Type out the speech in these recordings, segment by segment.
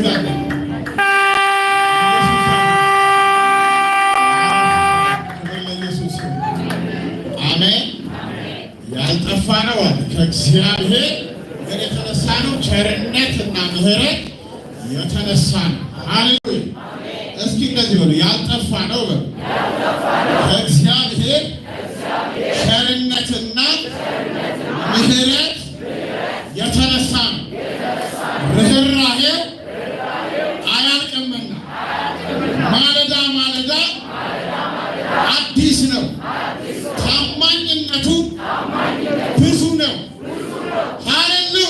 እንገዛለን። ያልጠፋ ነው አለ ከእግዚአብሔር የተነሳ ነው። ቸርነት እና ምሕረት የተነሳ ነው። ሃሌሉያ። እስኪ እንደዚህ በሉ ያልጠፋ ነው በሉ ከእግዚአብሔር ቸርነትና ምሕረት የተነሳ ነው። ርኅራኄው ታማኝነቱ ብዙ ነው። ሃሌሉያ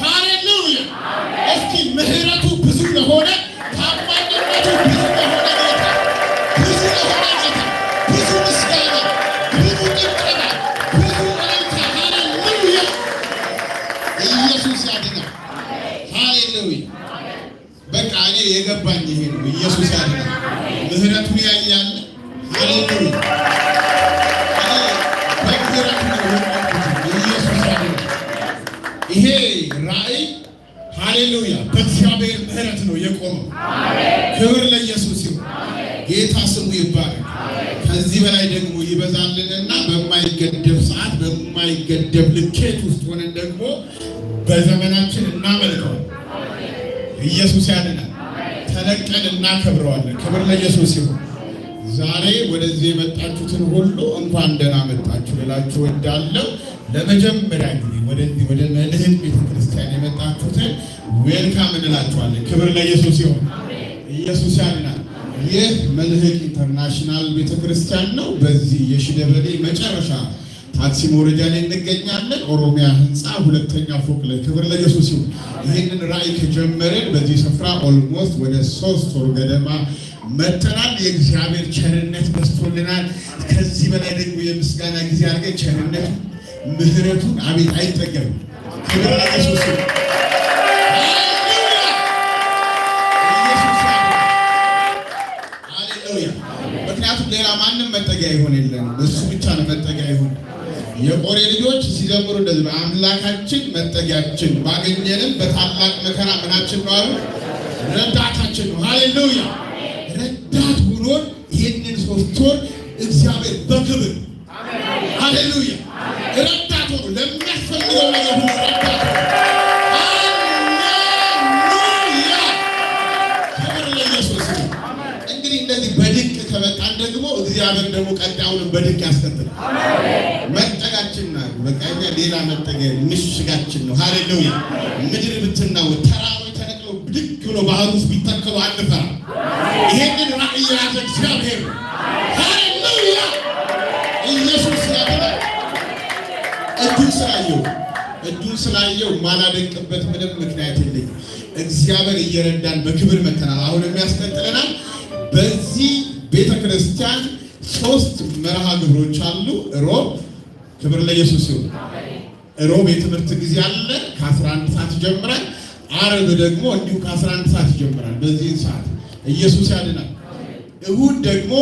ሃሌሉያ። እስኪ ምሕረቱ ብዙ ለሆነ ታማኝነቱ ብዙ ለሆነ ጌታ ብዙ ለሆነ ጌታ ብዙ ምስጋና፣ ብዙ ጭብጨባ፣ ብዙ እልልታ። ሃሌሉያ ኢየሱስ ያድናል። ሃሌሉያ በቃ እኔ የገባኝ ይሄ ነው። ኢየሱስ ያድናል። በእግዚአብሔር ምሕረት ነው የቆመው። ክብር ለኢየሱስ ይሁን። ጌታ ስሙ ይባረክ። ከዚህ በላይ ደግሞ ይበዛልንና በማይገደብ ሰዓት በማይገደብ ልኬት ውስጥ ሆነን ደግሞ በዘመናችን እናመልከዋል። ኢየሱስ ያድናል። ተለቀን እናከብረዋለን። ክብር ለኢየሱስ ይሁን። ዛሬ ወደዚህ የመጣችሁትን ሁሉ እንኳን ደህና መጣችሁ ልላችሁ እወዳለሁ። ለመጀመሪያ ጊዜ ወደዚህ ወደ መልህቅ ቤተክርስቲያን የመጣችሁትን ዌልካም እንላችኋለን። ክብር ለኢየሱስ ይሆን። ኢየሱስ ያድናል። ይህ መልህቅ ኢንተርናሽናል ቤተክርስቲያን ነው። በዚህ የሺደበሌ መጨረሻ ታክሲ መውረጃ ላይ እንገኛለን። ኦሮሚያ ህንፃ ሁለተኛ ፎቅ ላይ ክብር ለኢየሱስ ይሁን። ይህንን ራእይ ከጀመርን በዚህ ስፍራ ኦልሞስት ወደ ሶስት ወር ገደማ መተናል። የእግዚአብሔር ቸርነት በዝቶልናል። ከዚህ በላይ ደግሞ የምስጋና ጊዜ አድርገን ቸርነት ምህረቱን አቤት አይጠገብም። ክብር ለኢየሱስ ምክንያቱም ሌላ ማንም መጠጊያ ይሆን የለን፣ እሱ ብቻ ነው መጠጊያ ይሆን። የቆሬ ልጆች ሲዘምሩ እንደዚህ በአምላካችን መጠጊያችን፣ ባገኘንም በታላቅ መከራ ምናችን ነው አሉ፣ ረዳታችን ነው። ሃሌሉያ ረዳት ሆኖን ይህንን ሶስት ወር እግዚአብሔር በክብር ሃሌሉያ ረዳት ሆኑ። ለሚያስፈልገው ነገር ሁሉ ረዳት ክብር ለኢየሱስ። እንግዲህ እንደዚህ በድንቅ ከመጣን ደግሞ እግዚአብሔር ደግሞ ቀጣዩንም በድንቅ ያስከትላል። መጠጋችን ና በቃ እኛ ሌላ መጠጊያ ምሽጋችን ነው። ሃሌሉያ! ምድር ብትናወጥ ተራሮች ተነቅለው ብድግ ብሎ ባህር ውስጥ ቢተከሉ አንፈራም። ይሄንን ራእይ የያዘ እግዚአብሔር ሃሌሉያ! ኢየሱስ ያበላል እድል ስላየው እድል ስላየው ማላደንቅበት ምንም ምክንያት የለኝ። እግዚአብሔር እየረዳን በክብር መተናል። አሁን የሚያስቀጥለናል። በዚህ ቤተ ክርስቲያን ሶስት መርሃ ግብሮች አሉ። ሮብ ክብር ለኢየሱስ ይሁን። ሮብ የትምህርት ጊዜ አለ ከ11 ሰዓት ይጀምራል። አርብ ደግሞ እንዲሁ ከ11 ሰዓት ይጀምራል። በዚህ ሰዓት ኢየሱስ ያድናል። እሁድ ደግሞ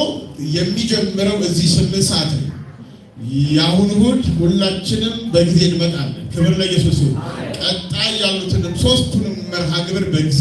የሚጀምረው እዚህ ስምንት ሰዓት ነው። የአሁኑ እሑድ ሁላችንም በጊዜ እንመጣለን። ክብር ለኢየሱስ ይሁን። ቀጣይ ያሉትንም ሶስቱንም መርሃ ግብር በጊዜ